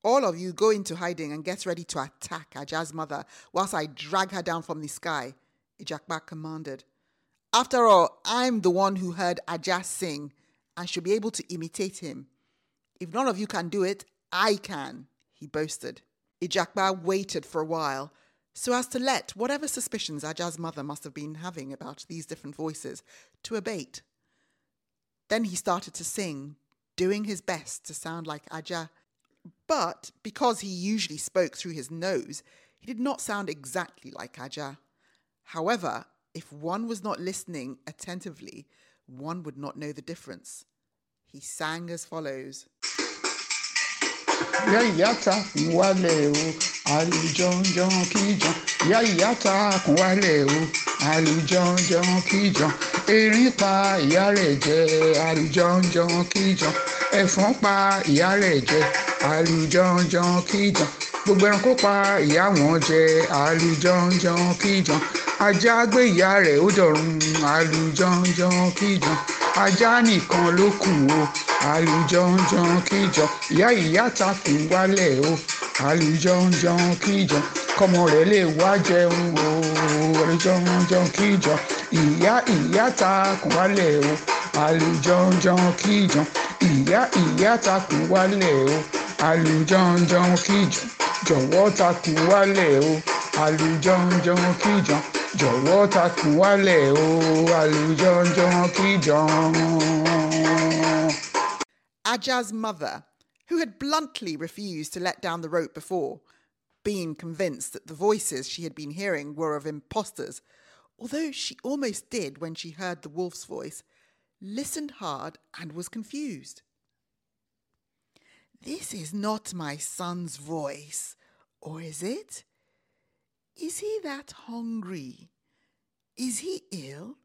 All of you go into hiding and get ready to attack Ajaz's mother whilst I drag her down from the sky, Ijakba commanded. After all, I'm the one who heard Ajaz sing and should be able to imitate him. If none of you can do it, I can, he boasted. Ijakba waited for a while so as to let whatever suspicions Ajaz's mother must have been having about these different voices to abate. Then he started to sing doing his best to sound like Ajah. But because he usually spoke through his nose, he did not sound exactly like Ajah. However, if one was not listening attentively, one would not know the difference. He sang as follows. erin pa ìyá rẹ̀ jẹ àlùjọ̀njọ̀n kíjọ̀n ẹ̀fọn pa ìyá rẹ̀ jẹ àlùjọ̀njọ̀n kíjọ̀n gbogbo ẹranko pa ìyá wọn jẹ àlùjọ̀njọ̀n kíjọ̀n ajá gbé ìyá rẹ̀ ó dọ̀run àlùjọ̀njọ̀n kíjọ̀n ajá nìkan ló kù o àlùjọ̀njọ̀n kíjọ̀n ìyá ìyá ta kù wálẹ̀ o àlùjọ̀njọ̀n kíjọ̀n kọ́mọ rẹ̀ lè wá jẹun o àlùjọ̀njọ̀n kíjọ̀n ìyá ìyá ta kùn wálẹ̀ o àlùjọ̀njọ̀n kíjọ̀n ìyá ìyá ta kùn wálẹ̀ o àlùjọ̀njọ̀n kíjọ̀n jọ̀wọ́ ta kùn wálẹ̀ o àlùjọ̀njọ̀n kíjọ̀n jọ̀wọ́ ta kùn wálẹ̀ o àlùjọ̀njọ̀n kíjọ̀n. Aja's mother, who had bluntly refused to let down the rope before, being convinced that the voices she had been hearing were of impostors although she almost did when she heard the wolf's voice, listened hard and was confused. This is not my son's voice, or is it? Is he that hungry? Is he ill?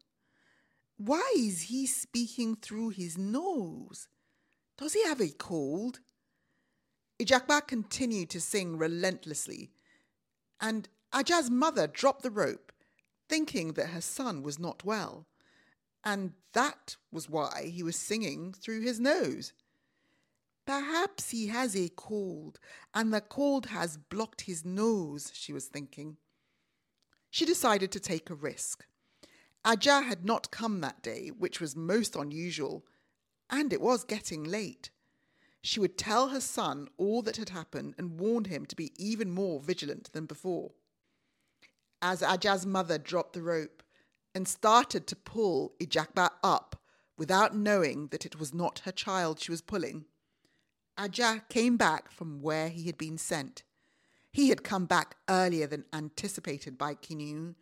Why is he speaking through his nose? Does he have a cold? Ijakba continued to sing relentlessly, and Ajaz's mother dropped the rope thinking that her son was not well, and that was why he was singing through his nose. Perhaps he has a cold, and the cold has blocked his nose, she was thinking. She decided to take a risk. Ajah had not come that day, which was most unusual, and it was getting late. She would tell her son all that had happened and warn him to be even more vigilant than before as Ajah's mother dropped the rope and started to pull Ijakba up without knowing that it was not her child she was pulling. Ajah came back from where he had been sent. He had come back earlier than anticipated by Kinun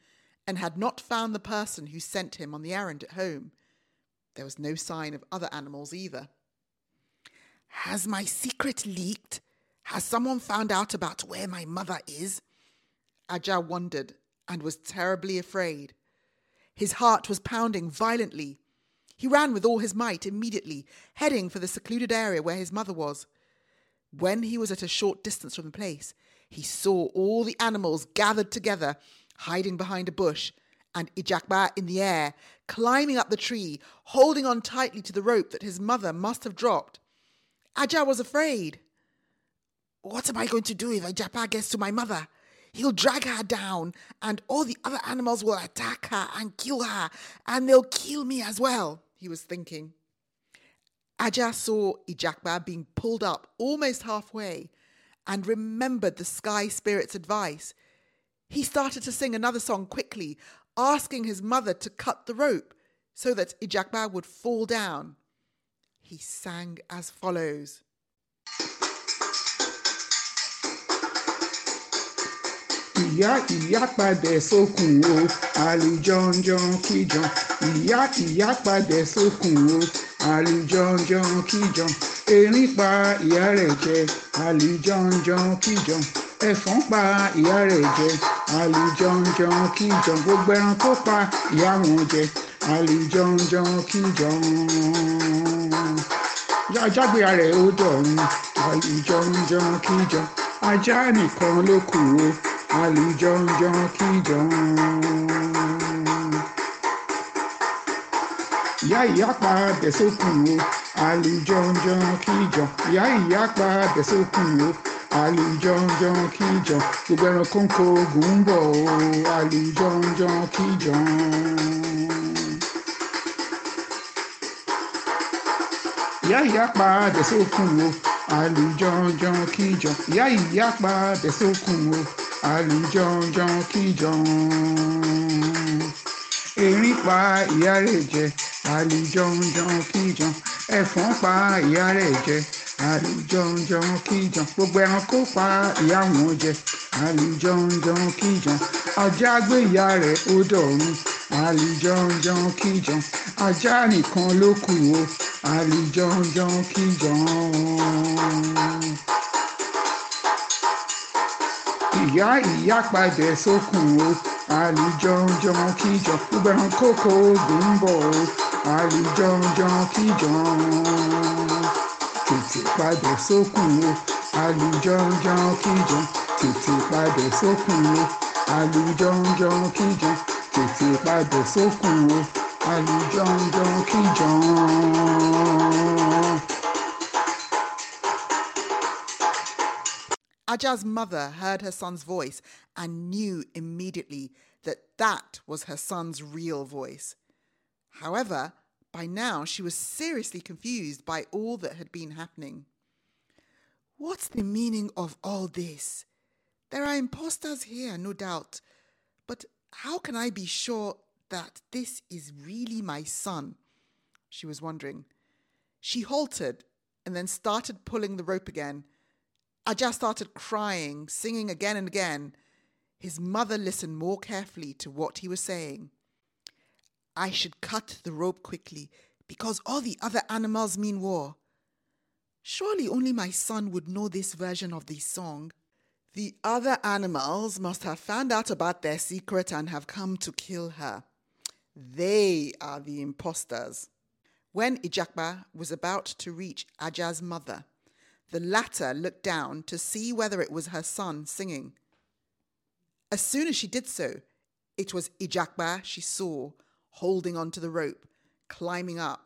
and had not found the person who sent him on the errand at home. There was no sign of other animals either. Has my secret leaked? Has someone found out about where my mother is? Ajah wondered and was terribly afraid. His heart was pounding violently. He ran with all his might immediately, heading for the secluded area where his mother was. When he was at a short distance from the place, he saw all the animals gathered together, hiding behind a bush, and Ijakba in the air, climbing up the tree, holding on tightly to the rope that his mother must have dropped. Ajah was afraid. What am I going to do if Ijakba gets to my mother? He'll drag her down, and all the other animals will attack her and kill her, and they'll kill me as well, he was thinking. Ajah saw Ijakba being pulled up almost halfway and remembered the sky spirit's advice. He started to sing another song quickly, asking his mother to cut the rope so that Ijakba would fall down. He sang as follows. ìyá ìyá padà sókun o àlùjọ̀njọ̀n kíjọ̀n ìyá ìyá padà sókun o àlùjọ̀njọ̀n kíjọ̀n erin pa ìyá rẹ̀ jẹ àlùjọ̀njọ̀n kíjọ̀n ẹ̀fọn pa ìyá rẹ̀ jẹ àlùjọ̀njọ̀n kíjọ̀n gbogbo ẹran tó pa ìyá wọn jẹ àlùjọ̀njọ̀n kíjọ̀n ajágbéra rẹ̀ ó dọ̀run àlùjọ̀njọ̀n kíjọ̀n ajá nìkan ló kù o. Ali John John àlùjọ̀njọ̀n kíjọ̀n. ìyá ìyá pa àbẹ̀sókùn o àlùjọ̀njọ̀n kíjọ̀n ìyá ìyá pa àbẹ̀sókùn o àlùjọ̀njọ̀n kíjọ̀n gbogbo ẹranko ń kó Ali John John o àlùjọ̀njọ̀n ya ìyá ìyá pa àbẹ̀sókùn o àlùjọ̀njọ̀n kíjọ̀n ya ya pa àbẹ̀sókùn o àlùjọ̀njọ̀n kíjọ̀n. erin pa ìyá rẹ̀ jẹ àlùjọ̀njọ̀n kíjọ̀n. ẹ̀fọn pa ìyá rẹ̀ jẹ àlùjọ̀njọ̀n kíjọ̀n. gbogbo ẹranko pa ìyá wọn jẹ àlùjọ̀njọ̀n kíjọ̀n. ajá gbé ìyá rẹ̀ ó dọ̀run àlùjọ̀njọ̀n kíjọ̀n. ajá nìkan ló kù o àlùjọ̀njọ̀n kíjọ̀n ìyá ìyá padà sókun o àlùjọ̀njọ̀n kíjọ gbogbo ẹran kókó ogun ń bọ̀ o àlùjọ̀njọ̀n kíjọ tètè padà sókun o àlùjọ̀njọ̀n kíjọ tètè padà sókun o àlùjọ̀njọ̀n kíjọ tètè padà sókun o àlùjọ̀njọ̀n kíjọ. Aja's mother heard her son's voice and knew immediately that that was her son's real voice. However, by now she was seriously confused by all that had been happening. What's the meaning of all this? There are impostors here, no doubt, but how can I be sure that this is really my son? She was wondering. She halted and then started pulling the rope again. I just started crying, singing again and again. His mother listened more carefully to what he was saying. I should cut the rope quickly because all the other animals mean war. Surely only my son would know this version of the song. The other animals must have found out about their secret and have come to kill her. They are the impostors. When Ijakba was about to reach Aja's mother, the latter looked down to see whether it was her son singing. As soon as she did so, it was Ijakba she saw holding onto the rope, climbing up.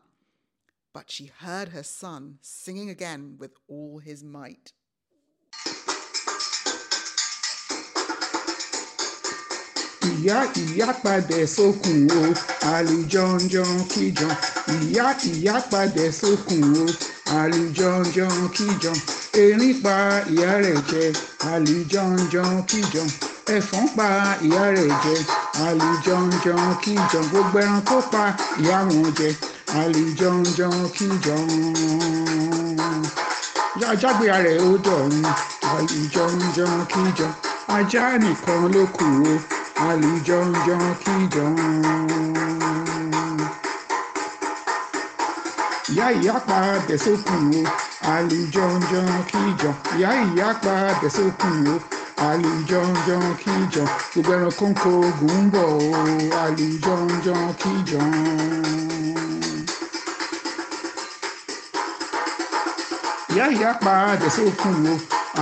But she heard her son singing again with all his might. ìyá ìyá padà sókun o kíjọ ìyá ìyá padà sókun o àlùjọ̀njọ̀n kíjọ̀n erin pa ìyá rẹ̀ jẹ àlùjọ̀njọ̀n kíjọ̀n ẹ̀fọn pa ìyá rẹ̀ jẹ àlùjọ̀njọ̀n kíjọ̀n gbogbo ẹran tó pa ìyá wọn jẹ àlùjọ̀njọ̀n kíjọ̀n ajágbéra rẹ̀ ó dọ̀run àlùjọ̀njọ̀n kíjọ̀n ajá nìkan ló kù o àlùjọ̀njọ̀n kíjọ̀n. ìyá ìyá padà sókun o àlùjọ̀njọ̀n kíjọ ìyá ìyá padà sókun o àlùjọ̀njọ̀n kíjọ gbogbo ẹranko ń kó ogun ń bọ̀ o àlùjọ̀njọ̀n kíjọ. ìyá ìyá padà sókun o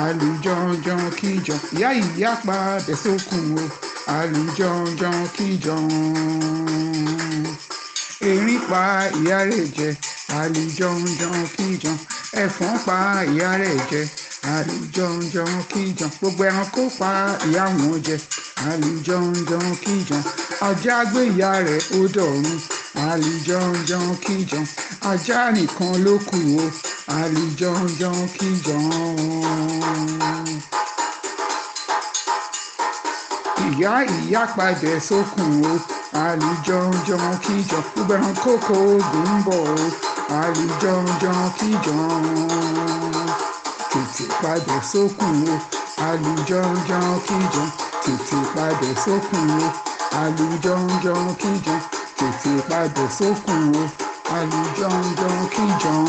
àlùjọ̀njọ̀n kíjọ ìyá ìyá padà sókun o àlùjọ̀njọ̀n kíjọ erin pa ìyá rẹ̀ jẹ àlùjọ̀njọ̀n kíjọ̀n ẹ̀fọn pa ìyá rẹ̀ jẹ àlùjọ̀njọ̀n kíjọ̀n gbogbo ẹranko pa ìyá wọn jẹ àlùjọ̀njọ̀n kíjọ̀n ajá gbé ìyá rẹ̀ ó dọ̀run àlùjọ̀njọ̀n kíjọ̀n ajá nìkan ló kù o àlùjọ̀njọ̀n kíjọ̀n. ìyá ìyá padẹ̀ sókun o àlùjọ̀njọ̀n kíjọ̀n gbogbo ẹran kókó ogun ń bọ̀ o àlùjọ̀njọ̀n kíjọ̀n tètè padẹ̀ sókun o àlùjọ̀njọ̀n kíjọ̀n tètè padẹ̀ sókun o àlùjọ̀njọ̀n kíjọ̀n tètè padẹ̀ sókun o àlùjọ̀njọ̀n kíjọ̀n.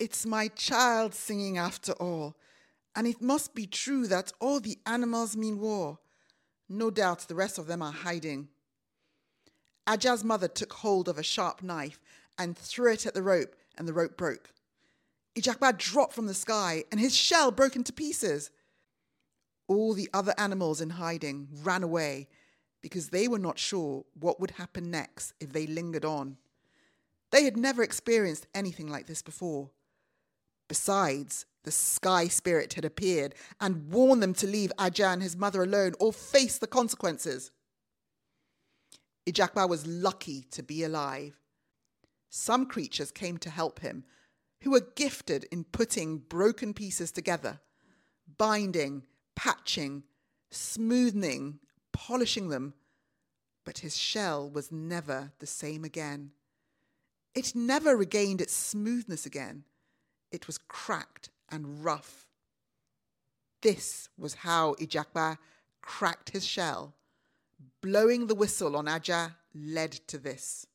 it's my child singing after all, and it must be true that all the animals mean war. No doubt the rest of them are hiding. Ajah's mother took hold of a sharp knife and threw it at the rope, and the rope broke. Ijakba dropped from the sky, and his shell broke into pieces. All the other animals in hiding ran away because they were not sure what would happen next if they lingered on. They had never experienced anything like this before. Besides, the sky spirit had appeared and warned them to leave Ajahn and his mother alone or face the consequences. Ijakba was lucky to be alive. Some creatures came to help him, who were gifted in putting broken pieces together, binding, patching, smoothing, polishing them. But his shell was never the same again. It never regained its smoothness again. It was cracked and rough. This was how Ijakba cracked his shell. Blowing the whistle on Ajah led to this.